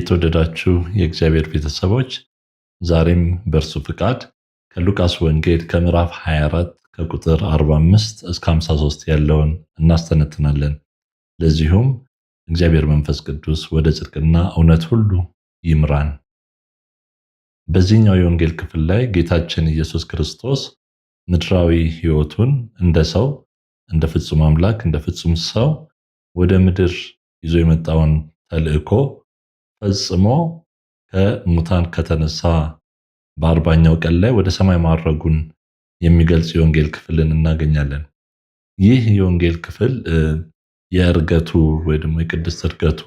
የተወደዳችሁ የእግዚአብሔር ቤተሰቦች ዛሬም በእርሱ ፍቃድ ከሉቃስ ወንጌል ከምዕራፍ 24 ከቁጥር 45 እስከ 53 ያለውን እናስተነትናለን። ለዚሁም እግዚአብሔር መንፈስ ቅዱስ ወደ ጽድቅና እውነት ሁሉ ይምራን። በዚህኛው የወንጌል ክፍል ላይ ጌታችን ኢየሱስ ክርስቶስ ምድራዊ ሕይወቱን እንደ ሰው፣ እንደ ፍጹም አምላክ፣ እንደ ፍጹም ሰው ወደ ምድር ይዞ የመጣውን ተልእኮ ፈጽሞ ከሙታን ከተነሳ በአርባኛው ቀን ላይ ወደ ሰማይ ማድረጉን የሚገልጽ የወንጌል ክፍልን እናገኛለን። ይህ የወንጌል ክፍል የእርገቱ ወይ ደግሞ የቅድስት እርገቱ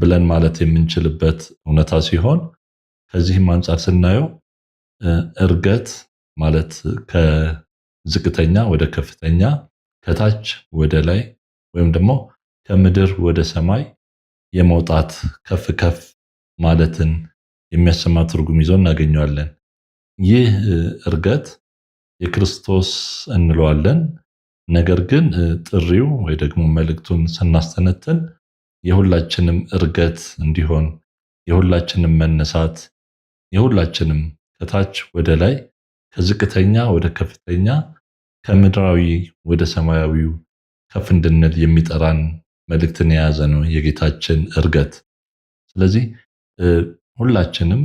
ብለን ማለት የምንችልበት እውነታ ሲሆን ከዚህም አንጻር ስናየው እርገት ማለት ከዝቅተኛ ወደ ከፍተኛ፣ ከታች ወደ ላይ ወይም ደግሞ ከምድር ወደ ሰማይ የመውጣት ከፍ ከፍ ማለትን የሚያሰማ ትርጉም ይዞ እናገኘዋለን። ይህ እርገት የክርስቶስ እንለዋለን። ነገር ግን ጥሪው ወይ ደግሞ መልእክቱን ስናስተነትን የሁላችንም እርገት እንዲሆን የሁላችንም መነሳት የሁላችንም ከታች ወደ ላይ ከዝቅተኛ ወደ ከፍተኛ ከምድራዊ ወደ ሰማያዊው ከፍ እንድንል የሚጠራን መልእክትን የያዘ ነው የጌታችን እርገት። ስለዚህ ሁላችንም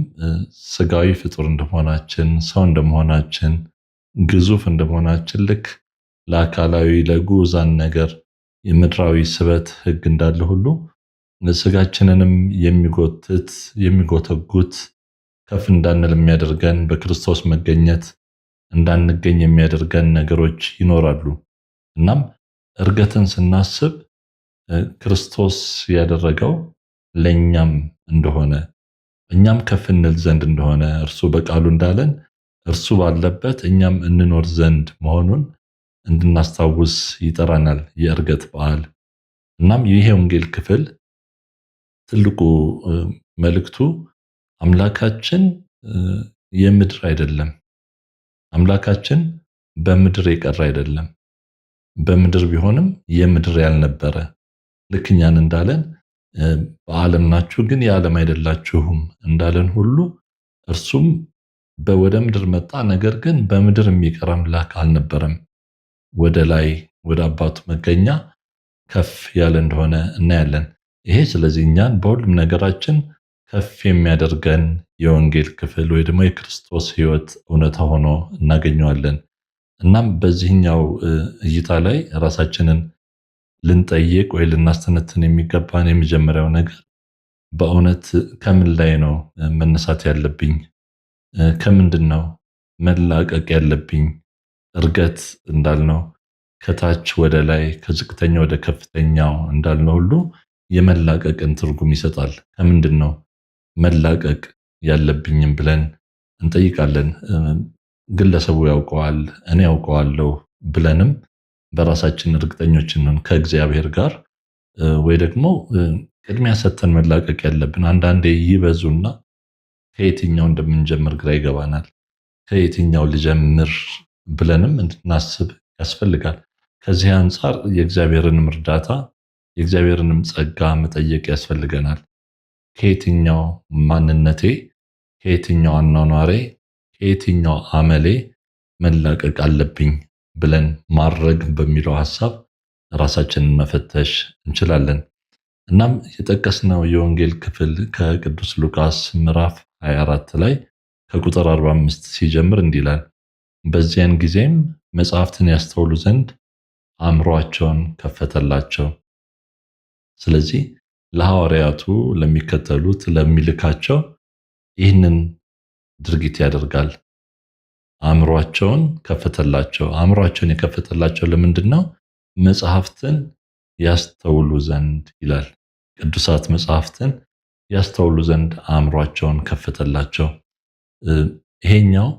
ስጋዊ ፍጡር እንደመሆናችን ሰው እንደመሆናችን ግዙፍ እንደመሆናችን ልክ ለአካላዊ ለጉዛን ነገር የምድራዊ ስበት ህግ እንዳለ ሁሉ ስጋችንንም የሚጎትት የሚጎተጉት ከፍ እንዳንል የሚያደርገን በክርስቶስ መገኘት እንዳንገኝ የሚያደርገን ነገሮች ይኖራሉ። እናም እርገትን ስናስብ ክርስቶስ ያደረገው ለእኛም እንደሆነ እኛም ከፍ እንል ዘንድ እንደሆነ እርሱ በቃሉ እንዳለን እርሱ ባለበት እኛም እንኖር ዘንድ መሆኑን እንድናስታውስ ይጠራናል የእርገት በዓል። እናም ይሄ ወንጌል ክፍል ትልቁ መልእክቱ አምላካችን የምድር አይደለም። አምላካችን በምድር የቀረ አይደለም። በምድር ቢሆንም የምድር ያልነበረ ልክኛን እንዳለን በዓለም ናችሁ ግን የዓለም አይደላችሁም እንዳለን ሁሉ እርሱም ወደ ምድር መጣ። ነገር ግን በምድር የሚቀር አምላክ አልነበረም። ወደ ላይ ወደ አባቱ መገኛ ከፍ ያለ እንደሆነ እናያለን። ይሄ ስለዚህ እኛን በሁሉም ነገራችን ከፍ የሚያደርገን የወንጌል ክፍል ወይ ደግሞ የክርስቶስ ሕይወት እውነታ ሆኖ እናገኘዋለን። እናም በዚህኛው እይታ ላይ ራሳችንን ልንጠይቅ ወይ ልናስተነትን የሚገባን የመጀመሪያው ነገር በእውነት ከምን ላይ ነው መነሳት ያለብኝ? ከምንድን ነው መላቀቅ ያለብኝ? እርገት እንዳልነው ከታች ወደ ላይ ከዝቅተኛ ወደ ከፍተኛው እንዳልነው ሁሉ የመላቀቅን ትርጉም ይሰጣል። ከምንድን ነው መላቀቅ ያለብኝም ብለን እንጠይቃለን። ግለሰቡ ያውቀዋል፣ እኔ ያውቀዋለሁ ብለንም በራሳችን እርግጠኞች ነን ከእግዚአብሔር ጋር ወይ ደግሞ ቅድሚያ ሰጥተን መላቀቅ ያለብን አንዳንዴ ይበዙና ከየትኛው እንደምንጀምር ግራ ይገባናል። ከየትኛው ልጀምር ብለንም እንድናስብ ያስፈልጋል። ከዚህ አንጻር የእግዚአብሔርንም እርዳታ የእግዚአብሔርንም ጸጋ መጠየቅ ያስፈልገናል። ከየትኛው ማንነቴ፣ ከየትኛው አኗኗሬ፣ ከየትኛው አመሌ መላቀቅ አለብኝ ብለን ማድረግ በሚለው ሀሳብ ራሳችንን መፈተሽ እንችላለን። እናም የጠቀስነው የወንጌል ክፍል ከቅዱስ ሉቃስ ምዕራፍ 24 ላይ ከቁጥር 45 ሲጀምር እንዲህ ይላል፣ በዚያን ጊዜም መጽሐፍትን ያስተውሉ ዘንድ አእምሯቸውን ከፈተላቸው። ስለዚህ ለሐዋርያቱ ለሚከተሉት ለሚልካቸው ይህንን ድርጊት ያደርጋል። አእምሯቸውን ከፈተላቸው። አእምሯቸውን የከፈተላቸው ለምንድን ነው? መጽሐፍትን ያስተውሉ ዘንድ ይላል። ቅዱሳት መጽሐፍትን ያስተውሉ ዘንድ አእምሯቸውን ከፈተላቸው። ይሄኛው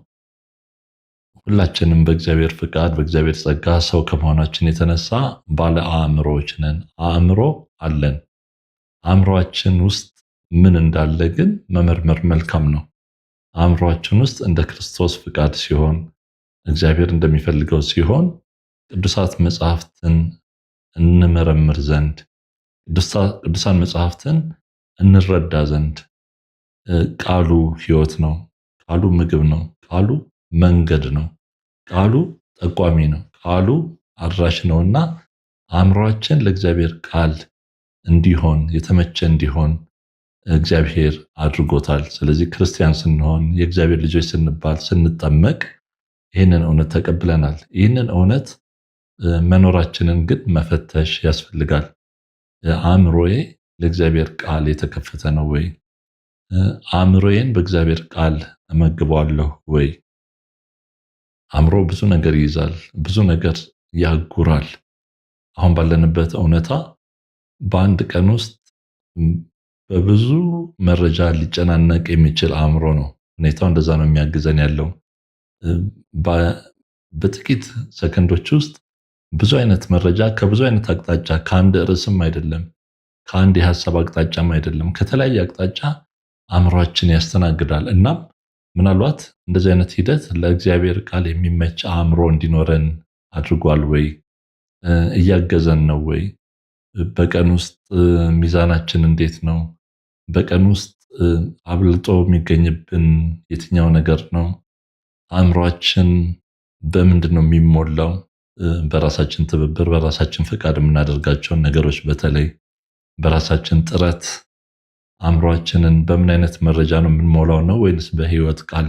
ሁላችንም በእግዚአብሔር ፍቃድ በእግዚአብሔር ጸጋ ሰው ከመሆናችን የተነሳ ባለ አእምሮዎች ነን። አእምሮ አለን። አእምሯችን ውስጥ ምን እንዳለ ግን መመርመር መልካም ነው። አእምሯችን ውስጥ እንደ ክርስቶስ ፍቃድ ሲሆን እግዚአብሔር እንደሚፈልገው ሲሆን ቅዱሳት መጽሐፍትን እንመረምር ዘንድ ቅዱሳን መጽሐፍትን እንረዳ ዘንድ ቃሉ ሕይወት ነው። ቃሉ ምግብ ነው። ቃሉ መንገድ ነው። ቃሉ ጠቋሚ ነው። ቃሉ አድራሽ ነውና አእምሯችን ለእግዚአብሔር ቃል እንዲሆን የተመቸ እንዲሆን እግዚአብሔር አድርጎታል። ስለዚህ ክርስቲያን ስንሆን የእግዚአብሔር ልጆች ስንባል ስንጠመቅ ይህንን እውነት ተቀብለናል። ይህንን እውነት መኖራችንን ግን መፈተሽ ያስፈልጋል። አእምሮዬ ለእግዚአብሔር ቃል የተከፈተ ነው ወይ? አእምሮዬን በእግዚአብሔር ቃል እመግበዋለሁ ወይ? አእምሮ ብዙ ነገር ይይዛል፣ ብዙ ነገር ያጉራል። አሁን ባለንበት እውነታ በአንድ ቀን ውስጥ በብዙ መረጃ ሊጨናነቅ የሚችል አእምሮ ነው። ሁኔታው እንደዛ ነው የሚያግዘን ያለው። በጥቂት ሰከንዶች ውስጥ ብዙ አይነት መረጃ ከብዙ አይነት አቅጣጫ ከአንድ ርዕስም አይደለም ከአንድ የሀሳብ አቅጣጫም አይደለም ከተለያየ አቅጣጫ አእምሯችን ያስተናግዳል። እናም ምናልባት እንደዚህ አይነት ሂደት ለእግዚአብሔር ቃል የሚመች አእምሮ እንዲኖረን አድርጓል ወይ? እያገዘን ነው ወይ? በቀን ውስጥ ሚዛናችን እንዴት ነው? በቀን ውስጥ አብልጦ የሚገኝብን የትኛው ነገር ነው? አእምሯችን በምንድን ነው የሚሞላው? በራሳችን ትብብር፣ በራሳችን ፈቃድ የምናደርጋቸውን ነገሮች በተለይ በራሳችን ጥረት አእምሯችንን በምን አይነት መረጃ ነው የምንሞላው ነው ወይንስ በህይወት ቃል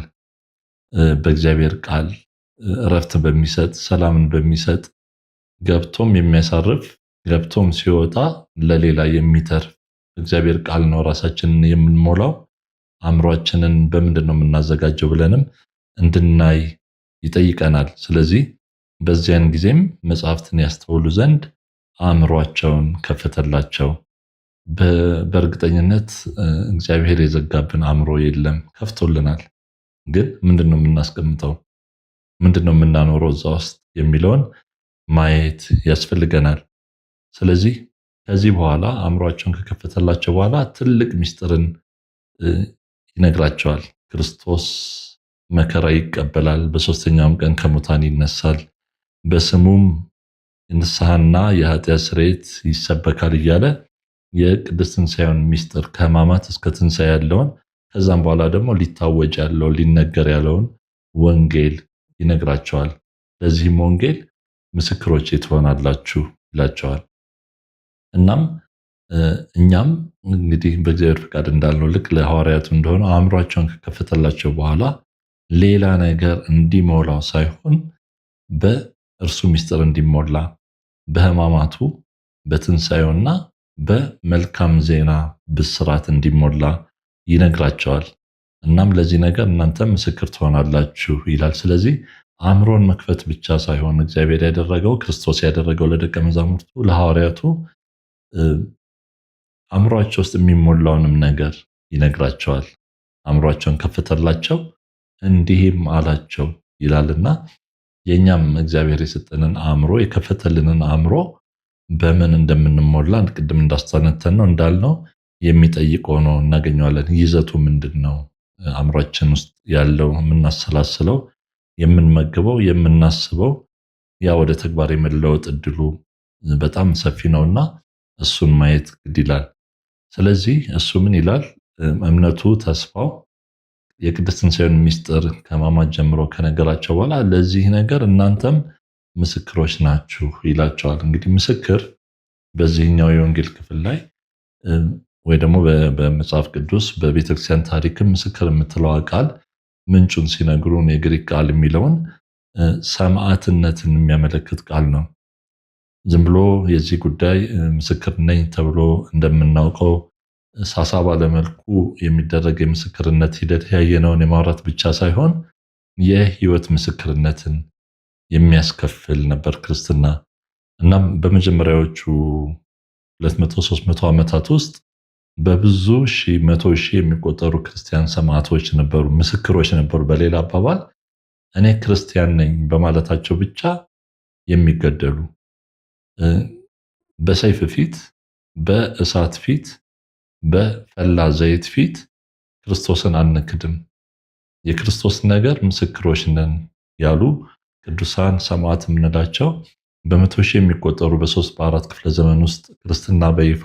በእግዚአብሔር ቃል እረፍት በሚሰጥ ሰላምን በሚሰጥ ገብቶም የሚያሳርፍ ገብቶም ሲወጣ ለሌላ የሚተርፍ እግዚአብሔር ቃል ነው ራሳችንን የምንሞላው። አእምሯችንን በምንድን ነው የምናዘጋጀው ብለንም እንድናይ ይጠይቀናል። ስለዚህ በዚያን ጊዜም መጽሐፍትን ያስተውሉ ዘንድ አእምሯቸውን ከፈተላቸው። በእርግጠኝነት እግዚአብሔር የዘጋብን አእምሮ የለም፣ ከፍቶልናል። ግን ምንድን ነው የምናስቀምጠው? ምንድን ነው የምናኖረው እዛ ውስጥ የሚለውን ማየት ያስፈልገናል። ስለዚህ ከዚህ በኋላ አእምሯቸውን ከከፈተላቸው በኋላ ትልቅ ምስጢርን ይነግራቸዋል። ክርስቶስ መከራ ይቀበላል፣ በሶስተኛውም ቀን ከሙታን ይነሳል፣ በስሙም ንስሐና የኃጢአት ስርየት ይሰበካል እያለ የቅድስት ትንሣኤውን ምስጢር ከህማማት እስከ ትንሣኤ ያለውን ከዛም በኋላ ደግሞ ሊታወጅ ያለውን ሊነገር ያለውን ወንጌል ይነግራቸዋል። ለዚህም ወንጌል ምስክሮቼ ትሆናላችሁ ይላቸዋል። እናም እኛም እንግዲህ በእግዚአብሔር ፍቃድ እንዳልነው ልክ ለሐዋርያቱ እንደሆነ አእምሯቸውን ከከፈተላቸው በኋላ ሌላ ነገር እንዲሞላው ሳይሆን በእርሱ ምስጢር እንዲሞላ በሕማማቱ በትንሣኤውና በመልካም ዜና ብስራት እንዲሞላ ይነግራቸዋል። እናም ለዚህ ነገር እናንተ ምስክር ትሆናላችሁ ይላል። ስለዚህ አእምሮን መክፈት ብቻ ሳይሆን እግዚአብሔር ያደረገው ክርስቶስ ያደረገው ለደቀ መዛሙርቱ ለሐዋርያቱ አእምሯቸው ውስጥ የሚሞላውንም ነገር ይነግራቸዋል። አእምሯቸውን ከፍተላቸው እንዲህም አላቸው ይላልና የእኛም እግዚአብሔር የሰጠንን አእምሮ የከፈተልንን አእምሮ በምን እንደምንሞላ ቅድም እንዳስተነተን ነው እንዳልነው የሚጠይቅ ሆኖ እናገኘዋለን። ይዘቱ ምንድን ነው? አእምሯችን ውስጥ ያለው የምናሰላስለው፣ የምንመግበው፣ የምናስበው ያ ወደ ተግባር የመለወጥ እድሉ በጣም ሰፊ ነውና እሱን ማየት ግድ ይላል። ስለዚህ እሱ ምን ይላል? እምነቱ ተስፋው የቅድስት ትንሣኤውን ምስጢር ከማማት ጀምሮ ከነገራቸው በኋላ ለዚህ ነገር እናንተም ምስክሮች ናችሁ ይላቸዋል። እንግዲህ ምስክር በዚህኛው የወንጌል ክፍል ላይ ወይ ደግሞ በመጽሐፍ ቅዱስ በቤተክርስቲያን ታሪክም ምስክር የምትለዋ ቃል ምንጩን ሲነግሩን የግሪክ ቃል የሚለውን ሰማዕትነትን የሚያመለክት ቃል ነው። ዝም ብሎ የዚህ ጉዳይ ምስክር ነኝ ተብሎ እንደምናውቀው ሳሳ ባለመልኩ የሚደረግ የምስክርነት ሂደት ያየነውን የማውራት ብቻ ሳይሆን የህይወት ምስክርነትን የሚያስከፍል ነበር ክርስትና። እናም በመጀመሪያዎቹ 2300 ዓመታት ውስጥ በብዙ ሺ መቶ ሺህ የሚቆጠሩ ክርስቲያን ሰማዕቶች ነበሩ፣ ምስክሮች ነበሩ። በሌላ አባባል እኔ ክርስቲያን ነኝ በማለታቸው ብቻ የሚገደሉ በሰይፍ ፊት፣ በእሳት ፊት፣ በፈላ ዘይት ፊት ክርስቶስን አንክድም፣ የክርስቶስ ነገር ምስክሮች ነን ያሉ ቅዱሳን ሰማዕት የምንላቸው በመቶ ሺህ የሚቆጠሩ በሶስት በአራት ክፍለ ዘመን ውስጥ ክርስትና በይፋ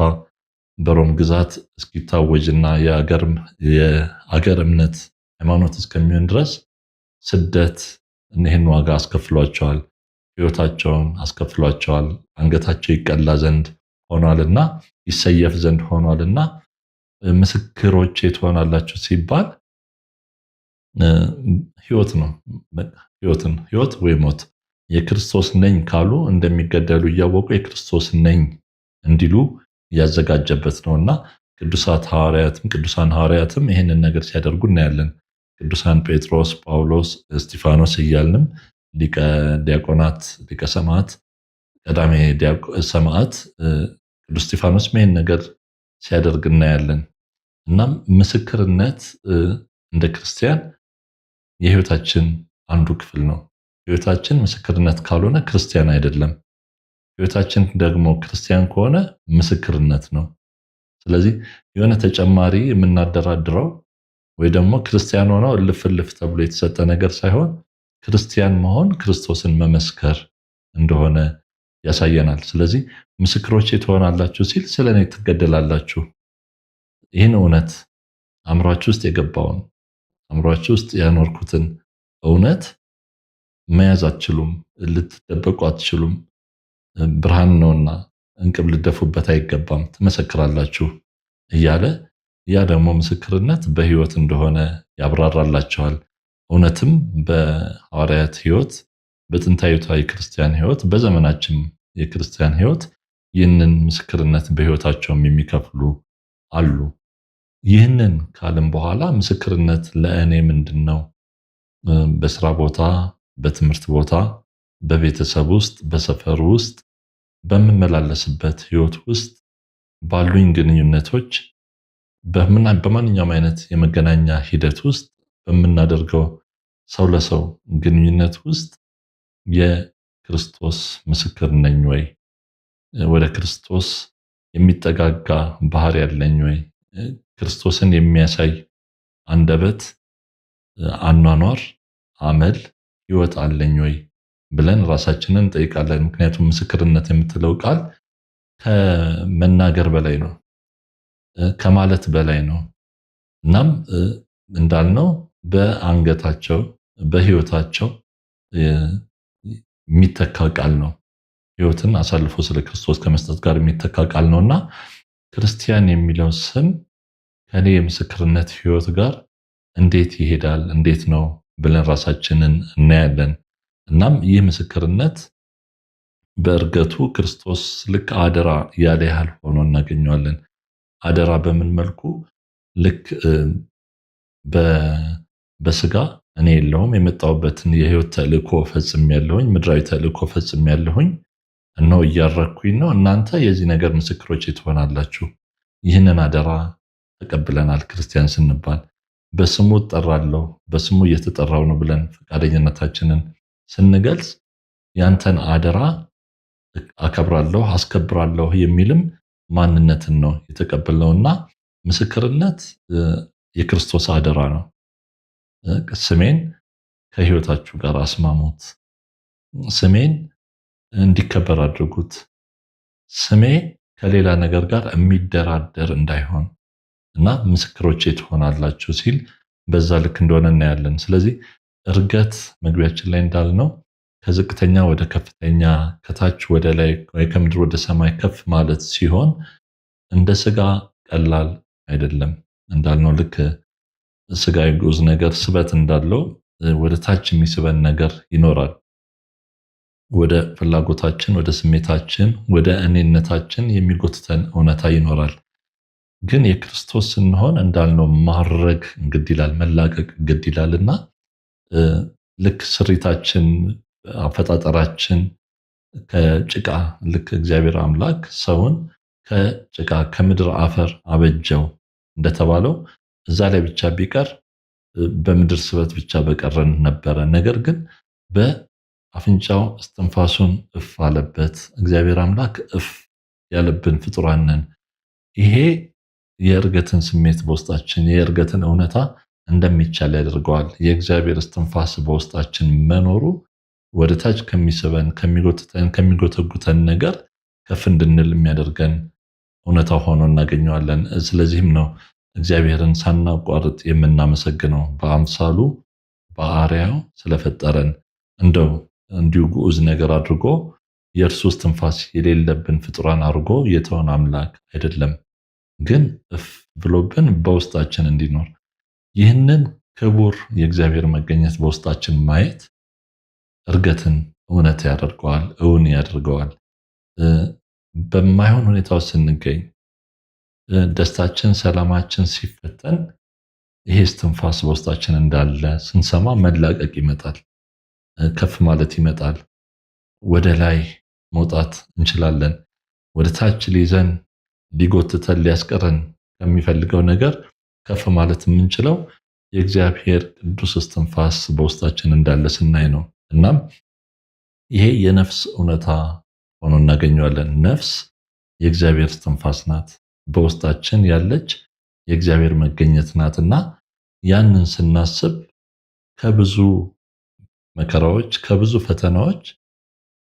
በሮም ግዛት እስኪታወጅና የአገር እምነት ሃይማኖት እስከሚሆን ድረስ ስደት እኒህን ዋጋ አስከፍሏቸዋል። ህይወታቸውን አስከፍሏቸዋል። አንገታቸው ይቀላ ዘንድ ሆኗልና ይሰየፍ ዘንድ ሆኗልና ምስክሮቼ ትሆናላችሁ ሲባል ህይወት ነው። ሕይወትን ወይ ሞት የክርስቶስ ነኝ ካሉ እንደሚገደሉ እያወቁ የክርስቶስ ነኝ እንዲሉ ነው ነውና ቅዱሳት ሐዋርያትም ቅዱሳን ሐዋርያትም ይህንን ነገር ሲያደርጉ እናያለን። ቅዱሳን ጴጥሮስ፣ ጳውሎስ፣ እስጢፋኖስ እያልንም ሊቀ ዲያቆናት ሊቀ ሰማዕት ቀዳሜ ሰማዕት ቅዱስ እስጢፋኖስ ይህን ነገር ሲያደርግ እናያለን። እናም ምስክርነት እንደ ክርስቲያን የህይወታችን አንዱ ክፍል ነው። ህይወታችን ምስክርነት ካልሆነ ክርስቲያን አይደለም። ህይወታችን ደግሞ ክርስቲያን ከሆነ ምስክርነት ነው። ስለዚህ የሆነ ተጨማሪ የምናደራድረው ወይ ደግሞ ክርስቲያን ሆነው እልፍ እልፍ ተብሎ የተሰጠ ነገር ሳይሆን ክርስቲያን መሆን ክርስቶስን መመስከር እንደሆነ ያሳየናል። ስለዚህ ምስክሮቼ ትሆናላችሁ ሲል ስለ እኔ ትገደላላችሁ። ይህን እውነት አእምሯችሁ ውስጥ የገባውን አእምሯችሁ ውስጥ ያኖርኩትን እውነት መያዝ አትችሉም፣ ልትደበቁ አትችሉም። ብርሃን ነውና እንቅብ ልደፉበት አይገባም፣ ትመሰክራላችሁ እያለ ያ ደግሞ ምስክርነት በህይወት እንደሆነ ያብራራላችኋል። እውነትም በሐዋርያት ህይወት፣ በጥንታዊቷ የክርስቲያን ህይወት፣ በዘመናችን የክርስቲያን ህይወት ይህንን ምስክርነት በህይወታቸውም የሚከፍሉ አሉ። ይህንን ካልም በኋላ ምስክርነት ለእኔ ምንድን ነው? በስራ ቦታ፣ በትምህርት ቦታ፣ በቤተሰብ ውስጥ፣ በሰፈር ውስጥ፣ በምመላለስበት ህይወት ውስጥ ባሉኝ ግንኙነቶች፣ በማንኛውም አይነት የመገናኛ ሂደት ውስጥ በምናደርገው ሰው ለሰው ግንኙነት ውስጥ የክርስቶስ ምስክር ነኝ ወይ፣ ወደ ክርስቶስ የሚጠጋጋ ባህሪ ያለኝ ወይ፣ ክርስቶስን የሚያሳይ አንደበት፣ አኗኗር፣ አመል፣ ህይወት አለኝ ወይ ብለን ራሳችንን እንጠይቃለን። ምክንያቱም ምስክርነት የምትለው ቃል ከመናገር በላይ ነው፣ ከማለት በላይ ነው። እናም እንዳልነው በአንገታቸው በህይወታቸው የሚተካ ቃል ነው። ህይወትን አሳልፎ ስለ ክርስቶስ ከመስጠት ጋር የሚተካ ቃል ነው እና ክርስቲያን የሚለው ስም ከኔ የምስክርነት ህይወት ጋር እንዴት ይሄዳል? እንዴት ነው ብለን ራሳችንን እናያለን። እናም ይህ ምስክርነት በእርገቱ ክርስቶስ ልክ አደራ ያለ ያህል ሆኖ እናገኘዋለን። አደራ በምን መልኩ ልክ በስጋ እኔ የለውም የመጣሁበትን የህይወት ተልእኮ ፈጽም ያለሁኝ ምድራዊ ተልእኮ ፈጽም ያለሁኝ እነሆ እያረግኩኝ ነው። እናንተ የዚህ ነገር ምስክሮች ትሆናላችሁ። ይህንን አደራ ተቀብለናል። ክርስቲያን ስንባል በስሙ እጠራለሁ፣ በስሙ እየተጠራው ነው ብለን ፈቃደኝነታችንን ስንገልጽ ያንተን አደራ አከብራለሁ፣ አስከብራለሁ የሚልም ማንነትን ነው የተቀበልነውና ምስክርነት የክርስቶስ አደራ ነው። ስሜን ከህይወታችሁ ጋር አስማሙት። ስሜን እንዲከበር አድርጉት። ስሜ ከሌላ ነገር ጋር የሚደራደር እንዳይሆን እና ምስክሮቼ ትሆናላችሁ ሲል በዛ ልክ እንደሆነ እናያለን። ስለዚህ እርገት መግቢያችን ላይ እንዳልነው ከዝቅተኛ ወደ ከፍተኛ፣ ከታች ወደ ላይ ወይ ከምድር ወደ ሰማይ ከፍ ማለት ሲሆን እንደ ስጋ ቀላል አይደለም እንዳልነው ልክ ስጋ ጉዝ ነገር ስበት እንዳለው ወደ ታች የሚስበን ነገር ይኖራል። ወደ ፍላጎታችን፣ ወደ ስሜታችን፣ ወደ እኔነታችን የሚጎትተን እውነታ ይኖራል። ግን የክርስቶስ ስንሆን እንዳልነው ማረግ ግድ ይላል፣ መላቀቅ ግድ ይላል እና ልክ ስሪታችን አፈጣጠራችን ከጭቃ ልክ እግዚአብሔር አምላክ ሰውን ከጭቃ ከምድር አፈር አበጀው እንደተባለው እዛ ላይ ብቻ ቢቀር በምድር ስበት ብቻ በቀረን ነበረ። ነገር ግን በአፍንጫው እስትንፋሱን እፍ አለበት። እግዚአብሔር አምላክ እፍ ያለብን ፍጡራንን ይሄ የእርገትን ስሜት በውስጣችን የእርገትን እውነታ እንደሚቻል ያደርገዋል። የእግዚአብሔር እስትንፋስ በውስጣችን መኖሩ ወደ ታች ከሚስበን ከሚጎትተን ከሚጎተጉተን ነገር ከፍ እንድንል የሚያደርገን እውነታ ሆኖ እናገኘዋለን። ስለዚህም ነው እግዚአብሔርን ሳናቋርጥ የምናመሰግነው በአምሳሉ በአርያው ስለፈጠረን እንደው እንዲሁ ግዑዝ ነገር አድርጎ የእርሱ እስትንፋስ የሌለብን ፍጡራን አድርጎ የተወን አምላክ አይደለም። ግን እፍ ብሎብን በውስጣችን እንዲኖር ይህንን ክቡር የእግዚአብሔር መገኘት በውስጣችን ማየት እርገትን እውነት ያደርገዋል፣ እውን ያደርገዋል። በማይሆን ሁኔታ ውስጥ ስንገኝ ደስታችን፣ ሰላማችን ሲፈተን ይሄ እስትንፋስ በውስጣችን እንዳለ ስንሰማ መላቀቅ ይመጣል፣ ከፍ ማለት ይመጣል። ወደ ላይ መውጣት እንችላለን። ወደ ታች ሊይዘን ሊጎትተን ሊያስቀረን ከሚፈልገው ነገር ከፍ ማለት የምንችለው የእግዚአብሔር ቅዱስ እስትንፋስ በውስጣችን እንዳለ ስናይ ነው። እናም ይሄ የነፍስ እውነታ ሆኖ እናገኘዋለን። ነፍስ የእግዚአብሔር እስትንፋስ ናት። በውስጣችን ያለች የእግዚአብሔር መገኘት ናትና ያንን ስናስብ ከብዙ መከራዎች ከብዙ ፈተናዎች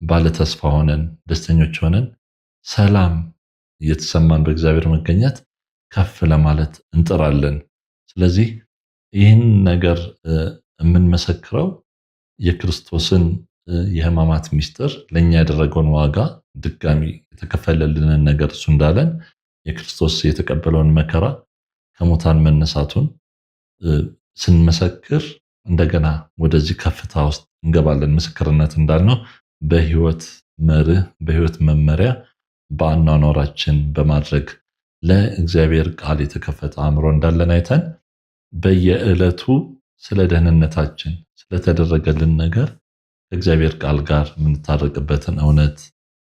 ባለተስፋ ሆነን ደስተኞች ሆነን ሰላም እየተሰማን በእግዚአብሔር መገኘት ከፍ ለማለት እንጥራለን። ስለዚህ ይህን ነገር የምንመሰክረው የክርስቶስን የሕማማት ምስጢር ለእኛ ያደረገውን ዋጋ ድጋሚ የተከፈለልንን ነገር እሱ እንዳለን የክርስቶስ የተቀበለውን መከራ ከሙታን መነሳቱን ስንመሰክር እንደገና ወደዚህ ከፍታ ውስጥ እንገባለን። ምስክርነት እንዳልነው በህይወት መርህ፣ በህይወት መመሪያ፣ በአኗኗራችን በማድረግ ለእግዚአብሔር ቃል የተከፈተ አእምሮ እንዳለን አይተን በየዕለቱ ስለ ደህንነታችን ስለተደረገልን ነገር ከእግዚአብሔር ቃል ጋር የምንታረቅበትን እውነት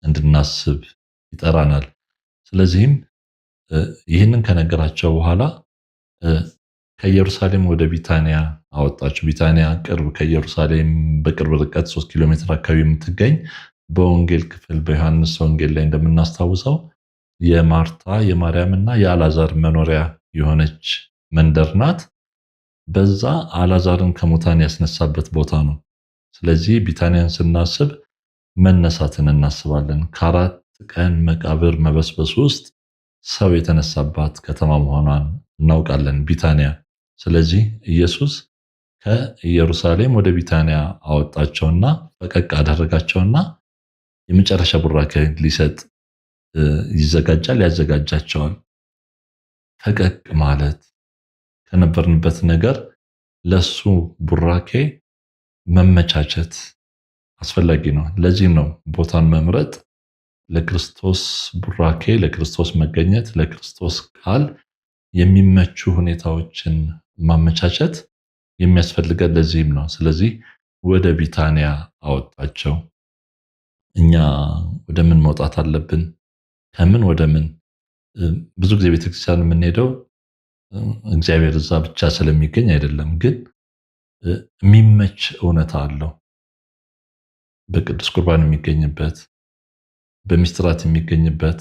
እንድናስብ ይጠራናል። ስለዚህም ይህንን ከነገራቸው በኋላ ከኢየሩሳሌም ወደ ቢታንያ አወጣቸው። ቢታንያ ቅርብ ከኢየሩሳሌም በቅርብ ርቀት ሶስት ኪሎ ሜትር አካባቢ የምትገኝ በወንጌል ክፍል በዮሐንስ ወንጌል ላይ እንደምናስታውሰው የማርታ የማርያም እና የአላዛር መኖሪያ የሆነች መንደር ናት። በዛ አላዛርን ከሙታን ያስነሳበት ቦታ ነው። ስለዚህ ቢታንያን ስናስብ መነሳትን እናስባለን። ከአራት ቀን መቃብር መበስበስ ውስጥ ሰው የተነሳባት ከተማ መሆኗን እናውቃለን፣ ቢታንያ። ስለዚህ ኢየሱስ ከኢየሩሳሌም ወደ ቢታንያ አወጣቸውና ፈቀቅ አደረጋቸውና የመጨረሻ ቡራኬ ሊሰጥ ይዘጋጃል፣ ያዘጋጃቸዋል። ፈቀቅ ማለት ከነበርንበት ነገር ለሱ ቡራኬ መመቻቸት አስፈላጊ ነው። ለዚህም ነው ቦታን መምረጥ ለክርስቶስ ቡራኬ፣ ለክርስቶስ መገኘት፣ ለክርስቶስ ቃል የሚመቹ ሁኔታዎችን ማመቻቸት የሚያስፈልገን ለዚህም ነው። ስለዚህ ወደ ቢታንያ አወጣቸው። እኛ ወደ ምን መውጣት አለብን? ከምን ወደ ምን? ብዙ ጊዜ ቤተክርስቲያን የምንሄደው እግዚአብሔር እዛ ብቻ ስለሚገኝ አይደለም፣ ግን የሚመች እውነት አለው በቅዱስ ቁርባን የሚገኝበት በሚስጥራት የሚገኝበት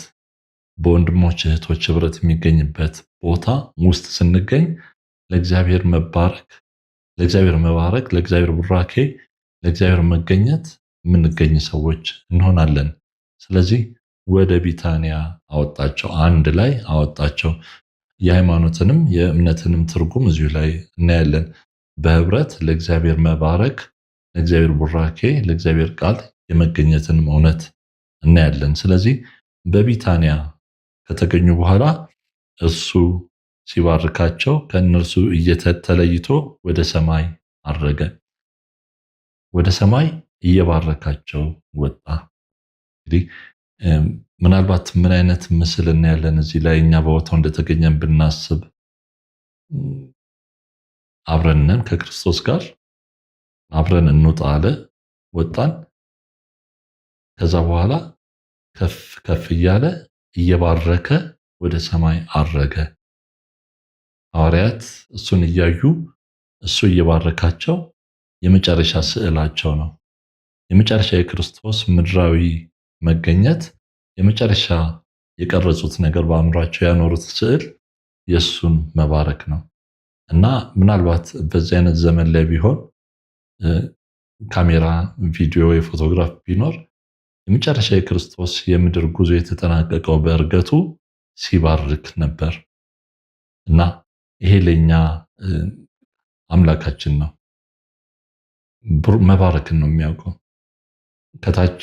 በወንድሞች እህቶች ህብረት የሚገኝበት ቦታ ውስጥ ስንገኝ ለእግዚአብሔር መባረክ ለእግዚአብሔር መባረክ ለእግዚአብሔር ቡራኬ ለእግዚአብሔር መገኘት የምንገኝ ሰዎች እንሆናለን። ስለዚህ ወደ ቢታንያ አወጣቸው፣ አንድ ላይ አወጣቸው። የሃይማኖትንም የእምነትንም ትርጉም እዚሁ ላይ እናያለን። በህብረት ለእግዚአብሔር መባረክ፣ ለእግዚአብሔር ቡራኬ፣ ለእግዚአብሔር ቃል የመገኘትንም እውነት እናያለን። ስለዚህ በቢታንያ ከተገኙ በኋላ እሱ ሲባርካቸው ከእነርሱ እየተለይቶ ወደ ሰማይ አረገ። ወደ ሰማይ እየባረካቸው ወጣ። እንግዲህ ምናልባት ምን አይነት ምስል እናያለን እዚህ ላይ እኛ በቦታው እንደተገኘን ብናስብ አብረንን ከክርስቶስ ጋር አብረን እንውጣ አለ። ወጣን። ከዛ በኋላ ከፍ ከፍ እያለ እየባረከ ወደ ሰማይ አረገ። ሐዋርያት እሱን እያዩ እሱ እየባረካቸው የመጨረሻ ስዕላቸው ነው። የመጨረሻ የክርስቶስ ምድራዊ መገኘት የመጨረሻ የቀረጹት ነገር በአእምሯቸው ያኖሩት ስዕል የእሱን መባረክ ነው እና ምናልባት በዚህ አይነት ዘመን ላይ ቢሆን ካሜራ፣ ቪዲዮ፣ የፎቶግራፍ ቢኖር የመጨረሻ የክርስቶስ የምድር ጉዞ የተጠናቀቀው በእርገቱ ሲባርክ ነበር እና ይሄ ለእኛ አምላካችን ነው። መባረክን ነው የሚያውቀው። ከታች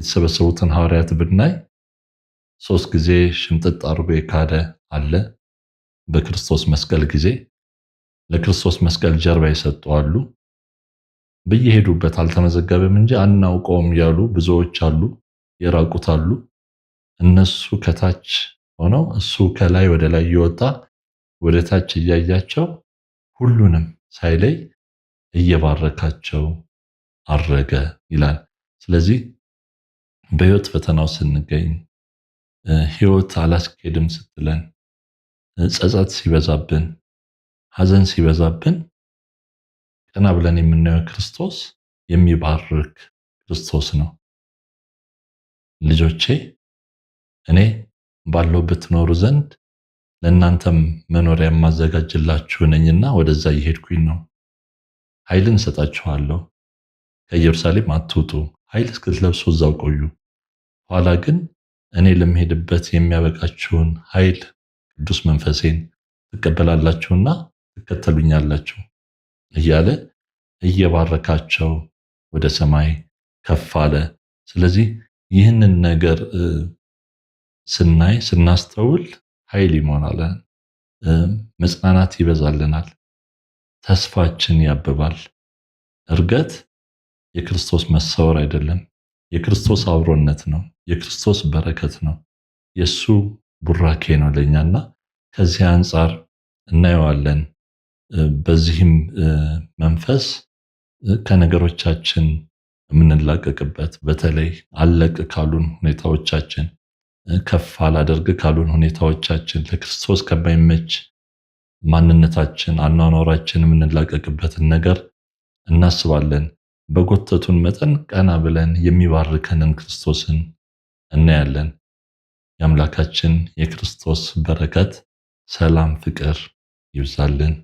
የተሰበሰቡትን ሐዋርያት ብናይ ሶስት ጊዜ ሽምጥጥ አድርጎ የካደ አለ። በክርስቶስ መስቀል ጊዜ ለክርስቶስ መስቀል ጀርባ የሰጡ አሉ። በየሄዱበት አልተመዘገበም እንጂ አናውቀውም ያሉ ብዙዎች አሉ፣ የራቁት አሉ። እነሱ ከታች ሆነው እሱ ከላይ ወደ ላይ እየወጣ ወደ ታች እያያቸው ሁሉንም ሳይለይ እየባረካቸው አረገ ይላል። ስለዚህ በህይወት ፈተናው ስንገኝ ህይወት አላስኬድም ስትለን፣ ጸጸት ሲበዛብን፣ ሀዘን ሲበዛብን ቀና ብለን የምናየው ክርስቶስ የሚባርክ ክርስቶስ ነው። ልጆቼ እኔ ባለሁበት ኖሩ ዘንድ ለእናንተም መኖሪያ የማዘጋጅላችሁ ነኝና ወደዛ እየሄድኩኝ ነው። ኃይልን እሰጣችኋለሁ። ከኢየሩሳሌም አትውጡ፣ ኃይል እስክትለብሱ እዛው ቆዩ። በኋላ ግን እኔ ለምሄድበት የሚያበቃችሁን ኃይል ቅዱስ መንፈሴን ትቀበላላችሁና ትከተሉኛላችሁ እያለ እየባረካቸው ወደ ሰማይ ከፍ አለ። ስለዚህ ይህንን ነገር ስናይ ስናስተውል ኃይል ይሞላል፣ መጽናናት ይበዛልናል፣ ተስፋችን ያብባል። እርገት የክርስቶስ መሰወር አይደለም፣ የክርስቶስ አብሮነት ነው፣ የክርስቶስ በረከት ነው፣ የሱ ቡራኬ ነው ለእኛና ከዚህ አንጻር እናየዋለን። በዚህም መንፈስ ከነገሮቻችን የምንላቀቅበት በተለይ አለቅ ካሉን ሁኔታዎቻችን ከፍ አላደርግ ካሉን ሁኔታዎቻችን ለክርስቶስ ከማይመች ማንነታችን፣ አኗኗራችን የምንላቀቅበትን ነገር እናስባለን። በጎተቱን መጠን ቀና ብለን የሚባርከንን ክርስቶስን እናያለን። የአምላካችን የክርስቶስ በረከት፣ ሰላም፣ ፍቅር ይብዛልን።